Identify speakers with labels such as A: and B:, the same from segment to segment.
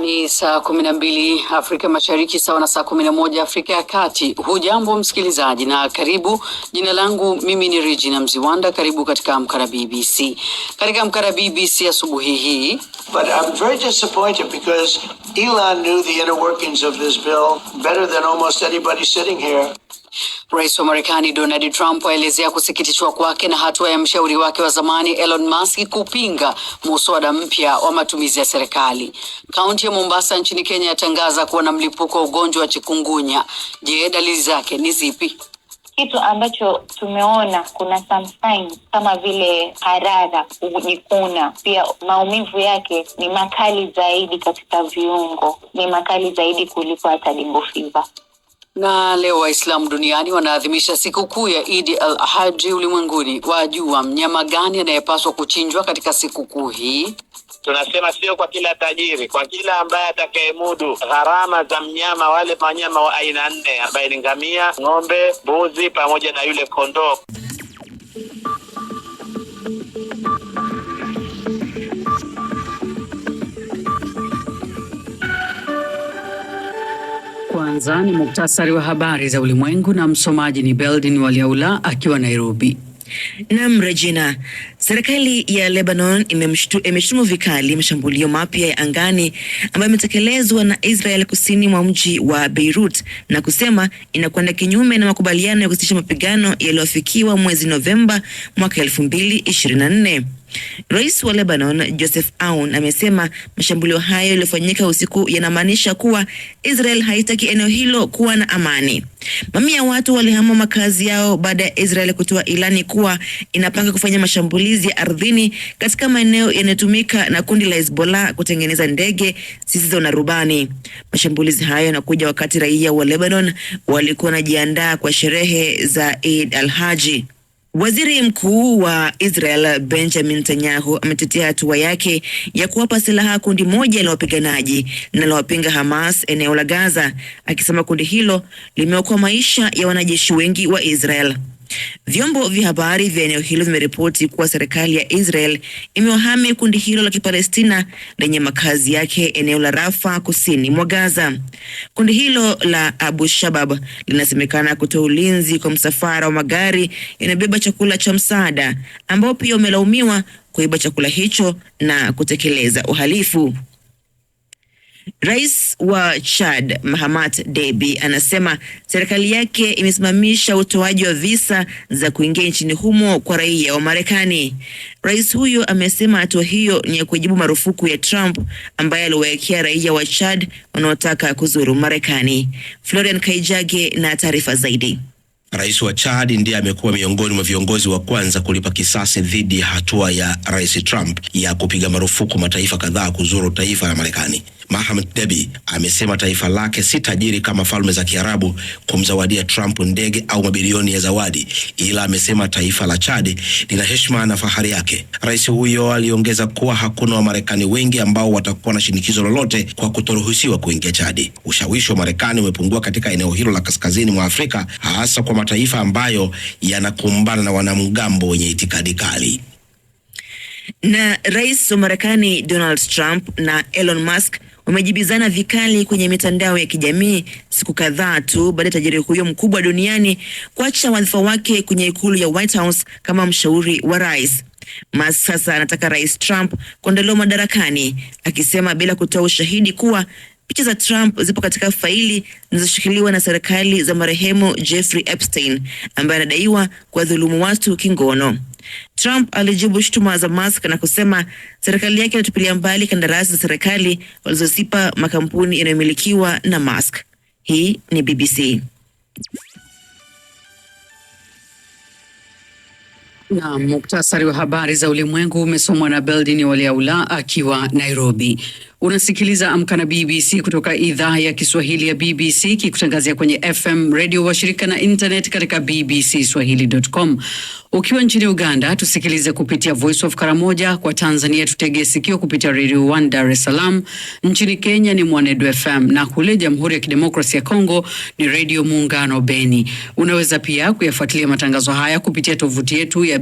A: Ni saa kumi na mbili Afrika Mashariki, sawa na saa kumi na moja Afrika ya Kati. Hujambo msikilizaji na karibu. Jina langu mimi ni Regina Mziwanda. Karibu katika mkara BBC. Katika mkara BBC asubuhi hii
B: Elon knew the inner workings of this bill better than almost anybody sitting here.
A: Rais wa Marekani Donald Trump aelezea kusikitishwa kwake na hatua ya mshauri wake wa zamani Elon Musk kupinga muswada mpya wa matumizi ya serikali. Kaunti ya Mombasa nchini Kenya yatangaza kuwa na mlipuko wa ugonjwa wa chikungunya. Je, dalili zake ni zipi?
C: kitu ambacho tumeona kuna some kama vile harara, ujikuna pia maumivu yake ni makali zaidi katika viungo, ni makali zaidi kuliko hata dengue fever.
A: Na leo Waislamu duniani wanaadhimisha sikukuu ya Idi al Haji ulimwenguni. Wajua mnyama gani anayepaswa kuchinjwa katika sikukuu hii?
D: Tunasema sio kwa kila tajiri, kwa kila ambaye atakayemudu gharama za mnyama, wale wanyama wa aina nne, ambaye ni ngamia, ng'ombe, mbuzi pamoja na yule kondoo.
A: Kwanza ni muktasari wa habari za ulimwengu na msomaji ni Beldin Waliaula akiwa Nairobi. Nam regina serikali ya Lebanon imeshutumu vikali mashambulio mapya ya angani ambayo imetekelezwa na Israel kusini mwa mji wa Beirut na kusema inakwenda kinyume na makubaliano ya kusitisha mapigano yaliyofikiwa mwezi Novemba mwaka 2024. Rais wa Lebanon Joseph Aoun amesema mashambulio hayo yaliyofanyika usiku yanamaanisha kuwa Israel haitaki eneo hilo kuwa na amani. Mamia ya watu walihama makazi yao baada ya Israel kutoa ilani kuwa inapanga kufanya mashambulizi ya ardhini katika maeneo yanayotumika na kundi la Hezbollah kutengeneza ndege zisizo na rubani. Mashambulizi hayo yanakuja wakati raia wa Lebanon walikuwa wanajiandaa kwa sherehe za Eid al-Haji. Waziri Mkuu wa Israel Benjamin Netanyahu ametetea hatua yake ya kuwapa silaha kundi moja la wapiganaji linalowapinga Hamas eneo la Gaza, akisema kundi hilo limeokoa maisha ya wanajeshi wengi wa Israel. Vyombo vya habari vya eneo hilo vimeripoti kuwa serikali ya Israel imewahami kundi hilo la Kipalestina lenye makazi yake eneo la Rafa kusini mwa Gaza. Kundi hilo la Abu Shabab linasemekana kutoa ulinzi kwa msafara wa magari yanayobeba chakula cha msaada ambao pia umelaumiwa kuiba chakula hicho na kutekeleza uhalifu. Rais wa Chad Mahamat Deby anasema serikali yake imesimamisha utoaji wa visa za kuingia nchini humo kwa raia wa Marekani. Rais huyo amesema hatua hiyo ni ya kujibu marufuku ya Trump ambaye aliwawekea raia wa Chad wanaotaka kuzuru Marekani. Florian Kaijage na taarifa zaidi.
E: Rais wa Chad ndiye amekuwa miongoni mwa viongozi wa kwanza kulipa kisasi dhidi ya hatua ya Rais Trump ya kupiga marufuku mataifa kadhaa kuzuru taifa la Marekani. Mahamed Debi amesema taifa lake si tajiri kama Falme za Kiarabu kumzawadia Trump ndege au mabilioni ya zawadi, ila amesema taifa la Chad lina heshima na fahari yake. Rais huyo aliongeza kuwa hakuna Wamarekani wengi ambao watakuwa na shinikizo lolote kwa kutoruhusiwa kuingia chadi Ushawishi wa Marekani umepungua katika eneo hilo la kaskazini mwa Afrika hasa kwa mataifa ambayo yanakumbana na wanamgambo wenye itikadi kali.
A: Na rais wa Marekani Donald Trump na Elon Musk wamejibizana vikali kwenye mitandao ya kijamii siku kadhaa tu baada ya tajiri huyo mkubwa duniani kuacha wadhifa wake kwenye ikulu ya White House kama mshauri wa rais. Musk sasa anataka rais Trump kuondolewa madarakani, akisema bila kutoa ushahidi kuwa Picha za Trump zipo katika faili zinazoshikiliwa na serikali za marehemu Jeffrey Epstein ambaye anadaiwa kuwadhulumu watu kingono. Trump alijibu shutuma za Musk na kusema serikali yake inatupilia mbali kandarasi za serikali walizozipa makampuni yanayomilikiwa na Musk. Hii ni BBC. Na muktasari wa habari za ulimwengu umesomwa na Beldini Waliaula akiwa Nairobi. Unasikiliza Amka na BBC kutoka idhaa ya Kiswahili ya BBC kikutangazia kwenye FM redio washirika na internet katika bbc Swahili.com. Ukiwa nchini Uganda tusikilize kupitia Voice of Karamoja. Kwa Tanzania tutegee sikio kupitia Radio One Dar es Salaam. Nchini Kenya ni Mwanedu FM na kule Jamhuri ya Kidemokrasi ya Kongo ni Redio Muungano Beni. Unaweza pia kuyafuatilia matangazo haya kupitia tovuti yetu ya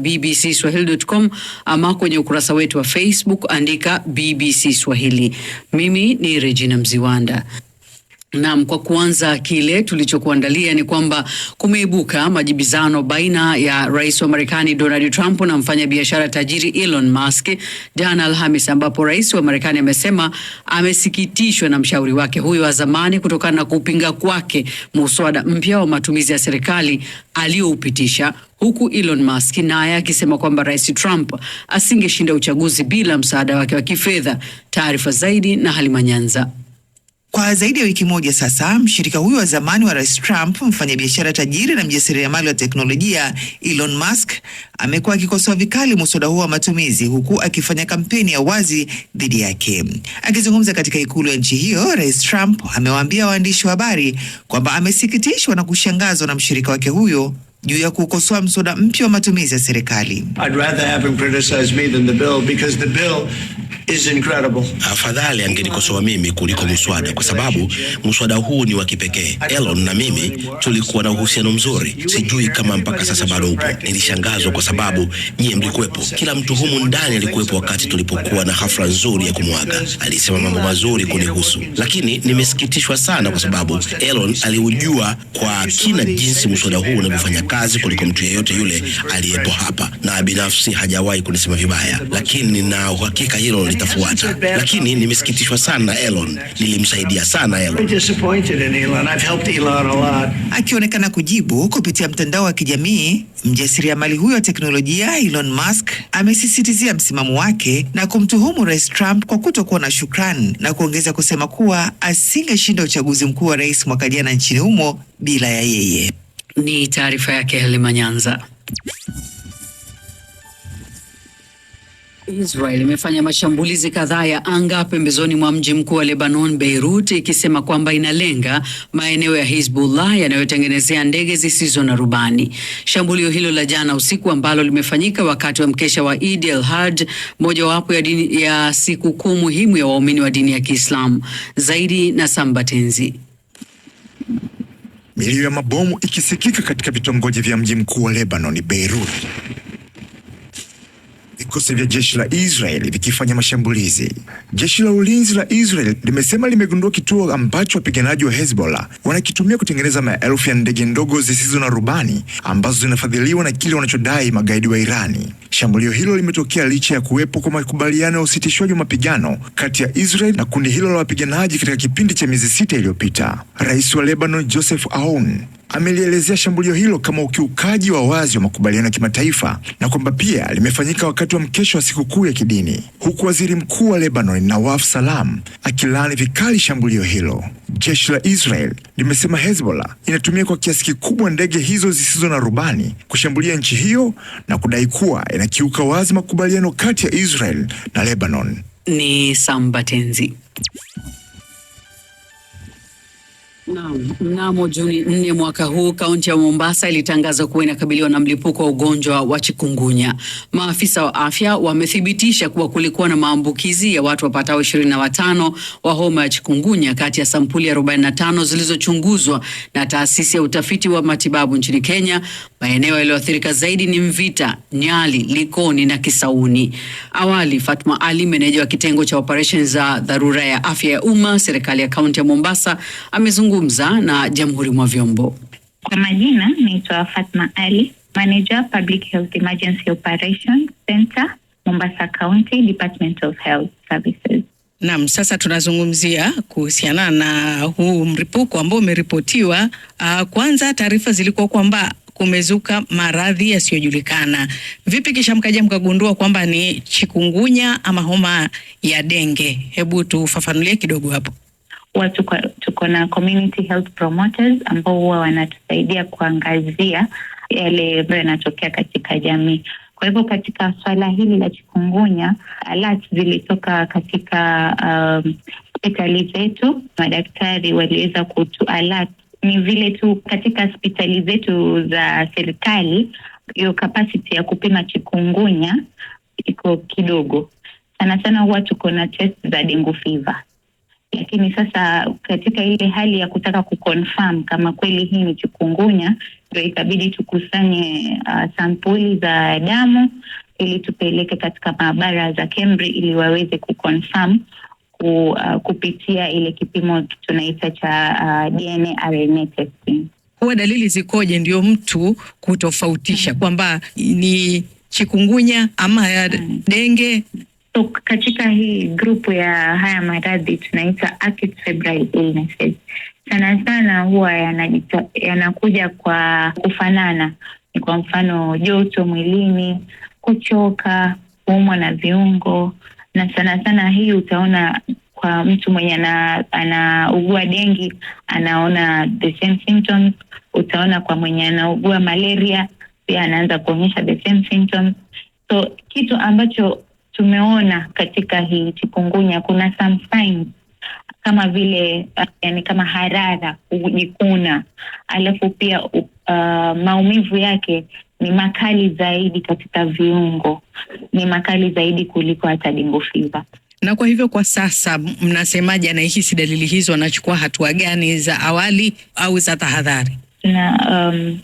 A: Swahili.com ama kwenye ukurasa wetu wa Facebook andika BBC Swahili. Mimi ni Regina Mziwanda. Naam, kwa kuanza kile tulichokuandalia ni kwamba kumeibuka majibizano baina ya rais wa Marekani Donald Trump na mfanyabiashara tajiri Elon Musk jana Alhamis, ambapo rais wa Marekani amesema amesikitishwa na mshauri wake huyo wa zamani kutokana na kupinga kwake muswada mpya wa matumizi ya serikali aliyoupitisha huku Elon Musk naye akisema kwamba rais Trump asingeshinda uchaguzi bila msaada wake wa kifedha. Taarifa zaidi na Halima Nyanza. Kwa zaidi ya wiki moja sasa, mshirika huyo wa zamani wa Rais Trump, mfanyabiashara tajiri na mjasiriamali wa teknolojia Elon Musk, amekuwa akikosoa vikali muswada huo wa matumizi, huku akifanya kampeni ya wazi dhidi yake. Akizungumza katika ikulu ya nchi hiyo, Rais Trump amewaambia waandishi wa habari kwamba amesikitishwa na kushangazwa na mshirika wake huyo juu ya kukosoa mswada mpya wa matumizi ya serikali.
F: Afadhali angenikosoa mimi kuliko mswada kwa sababu mswada huu ni wa kipekee. Elon na mimi tulikuwa na uhusiano mzuri, sijui kama mpaka sasa bado upo. Nilishangazwa kwa sababu nyie mlikuwepo, kila mtu humu ndani alikuwepo wakati tulipokuwa na hafla nzuri ya kumwaga. Alisema mambo mazuri kunihusu, lakini nimesikitishwa sana kwa sababu Elon aliujua kwa kina jinsi mswada huu unavyofanya kazi kazi kuliko mtu yeyote yule aliyepo hapa, na binafsi hajawahi kunisema vibaya, lakini nina uhakika hilo litafuata. Lakini nimesikitishwa sana Elon, nilimsaidia sana
G: Elon.
A: Akionekana kujibu kupitia mtandao wa kijamii, mjasiriamali huyo wa teknolojia Elon Musk amesisitizia msimamo wake na kumtuhumu Rais Trump kwa kutokuwa na shukrani na kuongeza kusema kuwa asingeshinda uchaguzi mkuu wa rais mwaka jana nchini humo bila ya yeye. Ni taarifa yake Halima Nyanza. Israel imefanya mashambulizi kadhaa ya anga pembezoni mwa mji mkuu wa Lebanon, Beirut, ikisema kwamba inalenga maeneo ya Hizbullah yanayotengenezea ndege zisizo na rubani. Shambulio hilo la jana usiku ambalo limefanyika wakati wa mkesha wa Eid al-Hajj, mojawapo ya, ya kuu muhimu ya waumini wa dini ya Kiislamu. Zaidi na Sambatenzi
H: milio ya mabomu ikisikika katika vitongoji vya mji mkuu wa Lebanon, Beirut vikosi vya jeshi la Israel vikifanya mashambulizi. Jeshi la ulinzi la israel limesema limegundua kituo ambacho wapiganaji wa Hezbollah wanakitumia kutengeneza maelfu ya ndege ndogo zisizo na rubani ambazo zinafadhiliwa na kile wanachodai magaidi wa Irani. Shambulio hilo limetokea licha ya kuwepo kwa makubaliano ya usitishwaji wa mapigano kati ya Israel na kundi hilo la wapiganaji katika kipindi cha miezi sita iliyopita. Rais wa Lebanon Joseph Aoun amelielezea shambulio hilo kama ukiukaji wa wazi wa makubaliano ya kimataifa na kwamba pia limefanyika wakati wa mkesho wa sikukuu ya kidini, huku waziri mkuu wa Lebanon Nawaf Salam akilaani vikali shambulio hilo. Jeshi la Israel limesema Hezbollah inatumia kwa kiasi kikubwa ndege hizo zisizo na rubani kushambulia nchi hiyo na kudai kuwa inakiuka wazi makubaliano kati ya Israel na Lebanon.
A: Ni Tenzi. Mnamo Juni nne mwaka huu kaunti ya Mombasa ilitangaza kuwa inakabiliwa na mlipuko wa ugonjwa wa chikungunya. Maafisa wa afya wamethibitisha kuwa kulikuwa na maambukizi ya watu wapatao ishirini na watano wa homa ya chikungunya kati ya sampuli 45 zilizochunguzwa na taasisi ya utafiti wa matibabu nchini Kenya Maeneo yaliyoathirika zaidi ni Mvita, Nyali, Likoni na Kisauni. Awali, Fatma Ali, meneja wa kitengo cha operesheni za dharura ya afya ya umma, serikali ya kaunti ya Mombasa, amezungumza na jamhuri mwa vyombo.
I: Kwa majina naitwa Fatma Ali, manager Public Health Emergency operation Center, Mombasa County, Department of Health Services.
A: Naam, sasa tunazungumzia kuhusiana na huu mripuko ambao umeripotiwa. Ah, kwanza taarifa zilikuwa kwamba kumezuka maradhi yasiyojulikana. Vipi kisha mkaja mkagundua kwamba ni chikungunya ama homa ya denge? Hebu tufafanulie kidogo hapo.
I: Watu tuko na community health promoters ambao huwa wanatusaidia kuangazia yale ambayo yanatokea katika jamii. Kwa hivyo katika swala hili la chikungunya, alert zilitoka katika um, hospitali um, zetu. Madaktari waliweza kutu alert ni vile tu katika hospitali zetu za serikali hiyo kapasiti ya kupima chikungunya iko kidogo sana sana, huwa tuko na test za dengu fiva lakini sasa katika ile hali ya kutaka kuconfirm kama kweli hii ni chikungunya, ndio ikabidi tukusanye uh, sampuli za damu ili tupeleke katika maabara za KEMRI ili waweze kuconfirm ku, uh, kupitia ile kipimo tunaita cha uh, DNA RNA testing.
A: Huwa dalili zikoje ndio mtu kutofautisha mm kwamba ni chikungunya ama ya mm denge?
I: So, katika hii grupu ya haya maradhi tunaita acute febrile illnesses, sana sana huwa yanakuja yana kwa kufanana, ni kwa mfano joto mwilini, kuchoka, kuumwa na viungo na sana sana hii utaona kwa mtu mwenye anaugua ana dengi anaona the same symptoms. Utaona kwa mwenye anaugua malaria pia anaanza kuonyesha the same symptoms. So kitu ambacho tumeona katika hii chikungunya, kuna some signs kama vile uh, yani kama harara, kujikuna, alafu pia uh, maumivu yake ni makali zaidi katika viungo, ni makali zaidi kuliko hata dengue fever.
A: Na kwa hivyo kwa sasa mnasemaje, anahisi dalili hizo anachukua hatua gani za awali au za tahadhari?
I: Na um,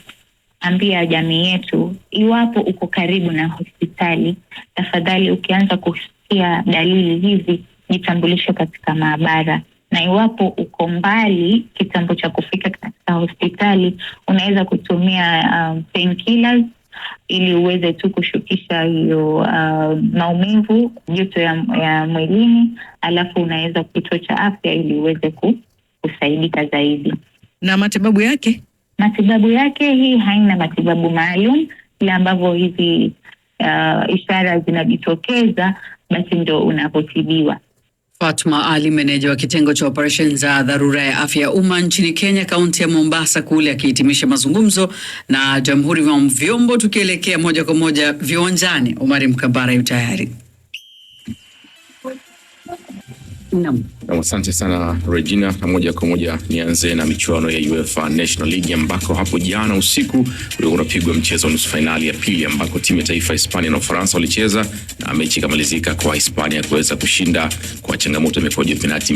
I: ambia jamii yetu, iwapo uko karibu na hospitali, tafadhali ukianza kusikia dalili hizi, jitambulishe katika maabara na iwapo uko mbali kitambo cha kufika katika hospitali, unaweza kutumia um, ili uweze tu kushukisha hiyo uh, maumivu, joto ya, ya mwilini, alafu unaweza kituo cha afya ili uweze ku, kusaidika zaidi.
A: Na matibabu yake,
I: matibabu yake hii haina matibabu maalum, ila ambavyo hizi uh, ishara zinajitokeza, basi ndo unapotibiwa.
A: Fatma Ali, meneja wa kitengo cha operesheni za dharura ya afya ya umma nchini Kenya, kaunti ya Mombasa kule, akihitimisha mazungumzo na jamhuri vya vyombo. Tukielekea moja kwa moja viwanjani, Omari Mkambara yu tayari.
J: Nam, Asante sana Regina, na moja kwa moja nianze na michuano ya UEFA National League ambako hapo jana usiku unapigwa mchezo wa nusu fainali ya pili ambako timu ya taifa Hispania na Ufaransa walicheza na mechi ikamalizika kwa Hispania kuweza kushinda kwa changamoto ya mikwaju penalti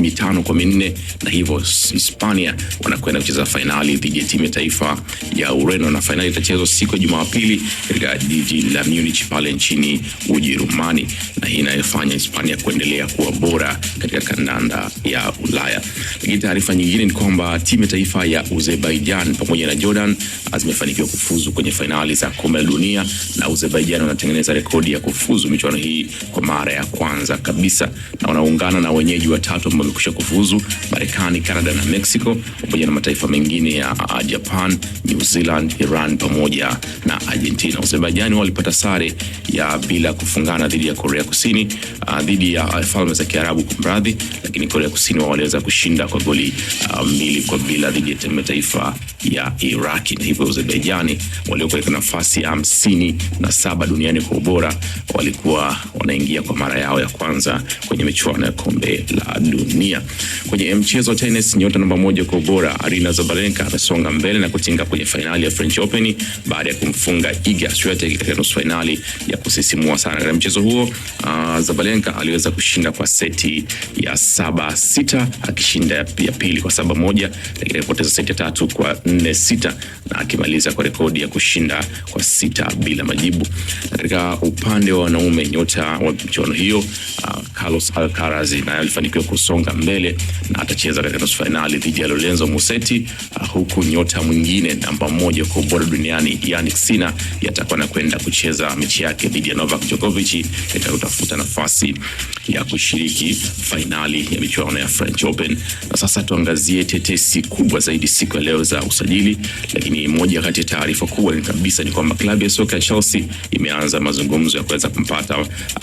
J: mitano kwa minne, na hivyo Hispania wanakwenda kucheza fainali dhidi ya timu ya taifa ya Ureno, na fainali itachezwa siku ya Jumapili katika jiji la Munich pale nchini Ujerumani, na hii inayofanya Hispania kuendelea kuwa bora bora katika kandanda ya Ulaya. Lakini taarifa nyingine ni kwamba timu ya taifa ya Azerbaijan pamoja na Jordan zimefanikiwa kufuzu kwenye fainali za kombe la dunia, na Azerbaijan wanatengeneza rekodi ya kufuzu michuano hii kwa mara ya kwanza kabisa, na wanaungana na wenyeji watatu ambao wamekwisha kufuzu, Marekani, Canada na Mexico, pamoja na mataifa mengine ya Japan, New Zealand, Iran pamoja na Argentina. Azerbaijan walipata sare ya bila kufungana dhidi ya Korea Kusini, ah, dhidi ya Falme za Kiarabu Kiarabu kumradhi, lakini Korea Kusini wao waliweza kushinda kwa goli uh, mbili kwa bila dhidi ya timu taifa ya Iraki, na hivyo Azerbaijani waliokuwa katika nafasi hamsini na saba duniani kwa ubora walikuwa wanaingia kwa mara yao ya kwanza kwenye michuano ya kombe la dunia. Kwenye mchezo wa tennis, nyota namba moja kwa ubora Arina Zabalenka amesonga mbele na kutinga kwenye fainali ya French Open baada ya kumfunga Iga Swiatek katika nusu fainali ya kusisimua sana. Katika mchezo huo, uh, Zabalenka aliweza kushinda kwa seti seti ya saba sita akishinda ya pili kwa saba moja, lakini akipoteza seti ya tatu kwa nne sita na akimaliza kwa rekodi ya kushinda kwa sita bila majibu. Na katika upande wa wanaume, nyota wa michuano hiyo uh, Carlos Alcaraz naye alifanikiwa kusonga mbele na atacheza katika nusu fainali dhidi ya Lorenzo Musetti uh, huku nyota mwingine namba moja kwa ubora duniani Jannik Sinner yatakuwa na kwenda kucheza mechi yake dhidi ya Novak Djokovic itakayotafuta nafasi ya kushiriki fainali ya michuano ya French Open. Na sasa tuangazie tetesi kubwa zaidi siku ya leo za usajili lakini moja kati ya taarifa kubwa ni kabisa ni kwamba klabu ya soka ya Chelsea imeanza mazungumzo ya kuweza kumpata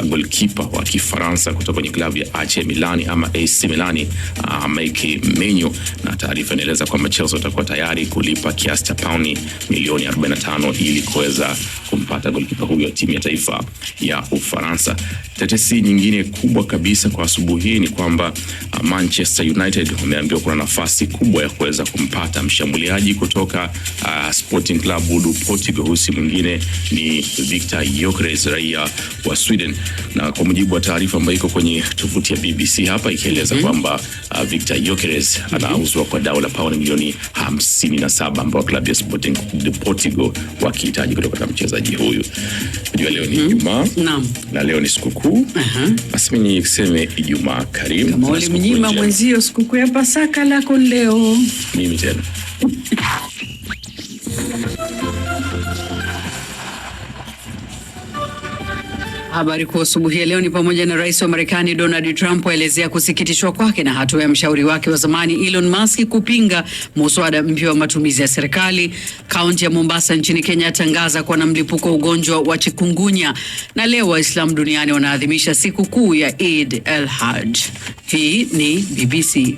J: goalkeeper wa Kifaransa kutoka kwenye klabu ya AC Milan ama AC Milan uh, Mike Menyo, na taarifa inaeleza kwamba Chelsea watakuwa tayari kulipa kiasi cha pauni milioni 45 ili kuweza kumpata goalkeeper huyo wa timu ya taifa ya Ufaransa. Tetesi nyingine kubwa kabisa kwa asubuhi hii ni kwamba ah, Manchester United wameambiwa kuna nafasi kubwa ya kuweza kumpata mshambuliaji kutoka uh, uh, Sporting Club Budu Portugal. Husi mwingine ni Victor Gyökeres raia wa Sweden, na kwa mujibu wa taarifa ambayo iko kwenye tovuti ya BBC hapa ikieleza mm -hmm. kwamba uh, Victor Gyökeres mm -hmm. anauzwa kwa dau la pauni milioni 57 ambao klabu ya Sporting de Portugal wakihitaji kutoka kwa mchezaji huyu. Unajua leo ni mhm. Ijumaa mm -hmm. na leo ni sikukuu basi, mimi niseme Ijumaa karimu.
A: Kama ulimnyima mwenzio sikukuu ya Pasaka lako leo, mimi tena Habari kuu asubuhi ya leo ni pamoja na rais wa Marekani Donald Trump aelezea kusikitishwa kwake na hatua ya mshauri wake wa zamani Elon Musk kupinga muswada mpya wa matumizi ya serikali. Kaunti ya Mombasa nchini Kenya atangaza kuwa na mlipuko ugonjwa wa chikungunya, na leo Waislamu duniani wanaadhimisha siku kuu ya Eid al-Hajj. Hii ni BBC.